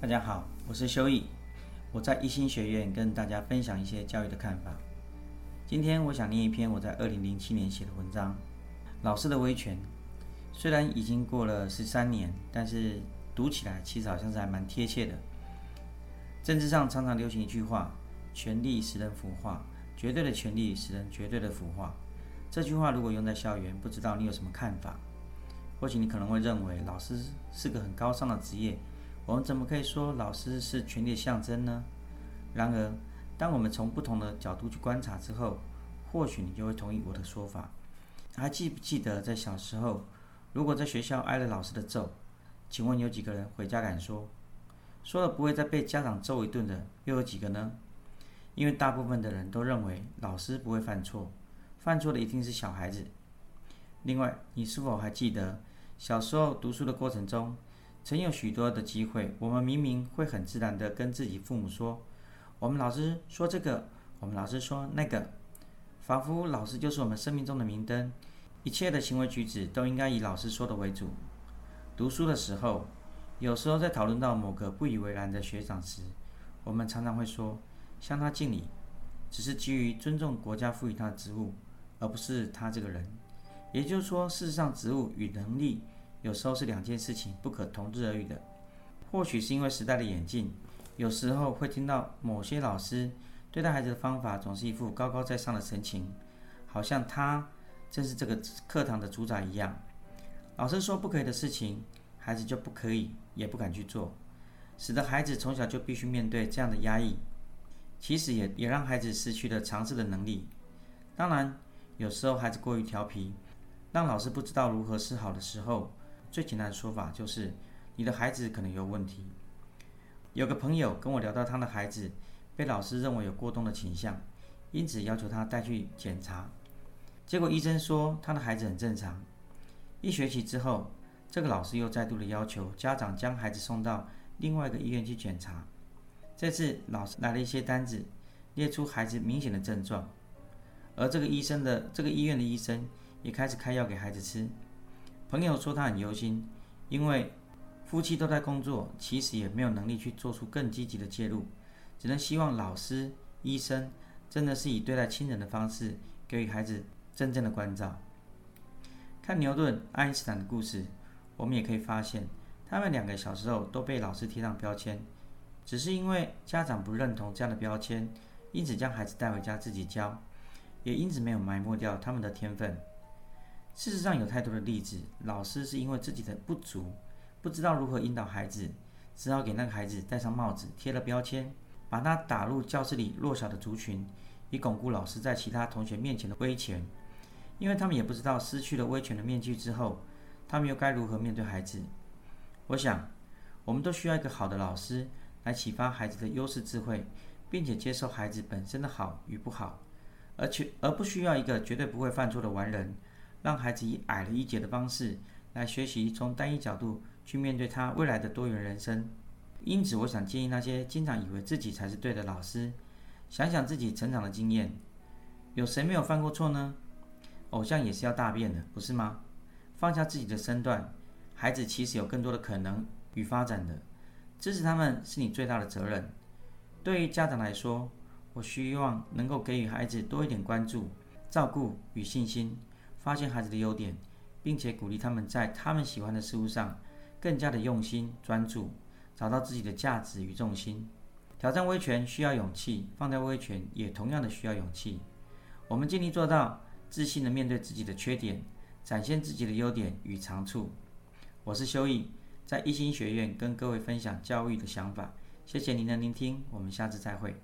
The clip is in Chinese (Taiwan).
大家好，我是修義，我在一心學院跟大家分享一些教育的看法。今天我想念一篇我在二零零七年寫的文章，《老師的威權》。雖然已經過了十三年，但是讀起來其實好像是還蠻貼切的。政治上常常流行一句話：權力使人腐化，絕對的權力使人絕對的腐化。這句話如果用在校園，不知道你有什麼看法？或許你可能會認為，老師是個很高尚的職業。我們怎麼可以說老師是權力的象徵呢？然而，當我們從不同的角度去觀察之後，或許你就會同意我的說法。還記不記得在小時候，如果在學校挨了老師的揍，請問有幾個人回家敢說？說了不會再被家長揍一頓的又有幾個呢？因為大部分的人都認為老師不會犯錯，犯錯的一定是小孩子。另外，你是否還記得小時候讀書的過程中，曾有許多的機會，我們明明會很自然地跟自己父母說：“我們老師說這個，我們老師說那個。”仿佛老師就是我們生命中的明燈，一切的行為舉止都應該以老師說的為主。讀書的時候，有時候在討論到某個不以為然的學長時，我們常常會說：“向他敬禮，只是基於尊重國家賦予他的職務，而不是他這個人。”也就是說，事實上，職務與能力。有時候是兩件事情不可同日而語的，或許是因為時代的演進，有時候會聽到某些老師對待孩子的方法總是一副高高在上的神情，好像他正是這個課堂的主宰一樣。老師說不可以的事情，孩子就不可以，也不敢去做，使得孩子從小就必須面對這樣的壓抑，其實也也讓孩子失去了嘗試的能力。當然，有時候孩子過於調皮，讓老師不知道如何是好的時候。最簡單的說法就是，你的孩子可能有問題。有個朋友跟我聊到他的孩子被老師認為有過動的傾向，因此要求他帶去檢查。結果醫生說他的孩子很正常。一學期之後，這個老師又再度的要求家長將孩子送到另外一個醫院去檢查。這次老師拿了一些單子，列出孩子明顯的症狀，而這個醫生的這個醫院的醫生也開始開藥給孩子吃。朋友說他很憂心，因為夫妻都在工作，其實也沒有能力去做出更積極的介入，只能希望老師、醫生真的是以對待親人的方式給予孩子真正的關照。看牛頓、愛因斯坦的故事，我們也可以發現，他們兩個小時候都被老師貼上標籤，只是因為家長不認同這樣的標籤，因此將孩子帶回家自己教，也因此沒有埋沒掉他們的天分。事實上，有太多的例子，老師是因為自己的不足，不知道如何引導孩子，只好給那個孩子戴上帽子，貼了標籤，把他打入教室裡弱小的族群，以鞏固老師在其他同學面前的威權。因為他們也不知道失去了威權的面具之後，他們又該如何面對孩子。我想，我們都需要一個好的老師，來啟發孩子的優勢智慧，並且接受孩子本身的好與不好，而且，而不需要一個絕對不會犯錯的完人。讓孩子以矮了一截的方式來學習，從單一角度去面對他未來的多元人生。因此，我想建議那些經常以為自己才是對的老師，想想自己成長的經驗，有誰沒有犯過錯呢？偶像也是要大便的，不是嗎？放下自己的身段，孩子其實有更多的可能與發展的。支持他們是你最大的責任。對於家長來說，我希望能夠給予孩子多一點關注、照顧與信心。發現孩子的優點，並且鼓勵他們在他們喜歡的事物上更加的用心專注，找到自己的價值與重心。挑戰威權需要勇氣，放掉威權也同樣的需要勇氣。我們盡力做到自信的面對自己的缺點，展現自己的優點與長處。我是修毅，在一心學院跟各位分享教育的想法。謝謝您的聆聽，我們下次再會。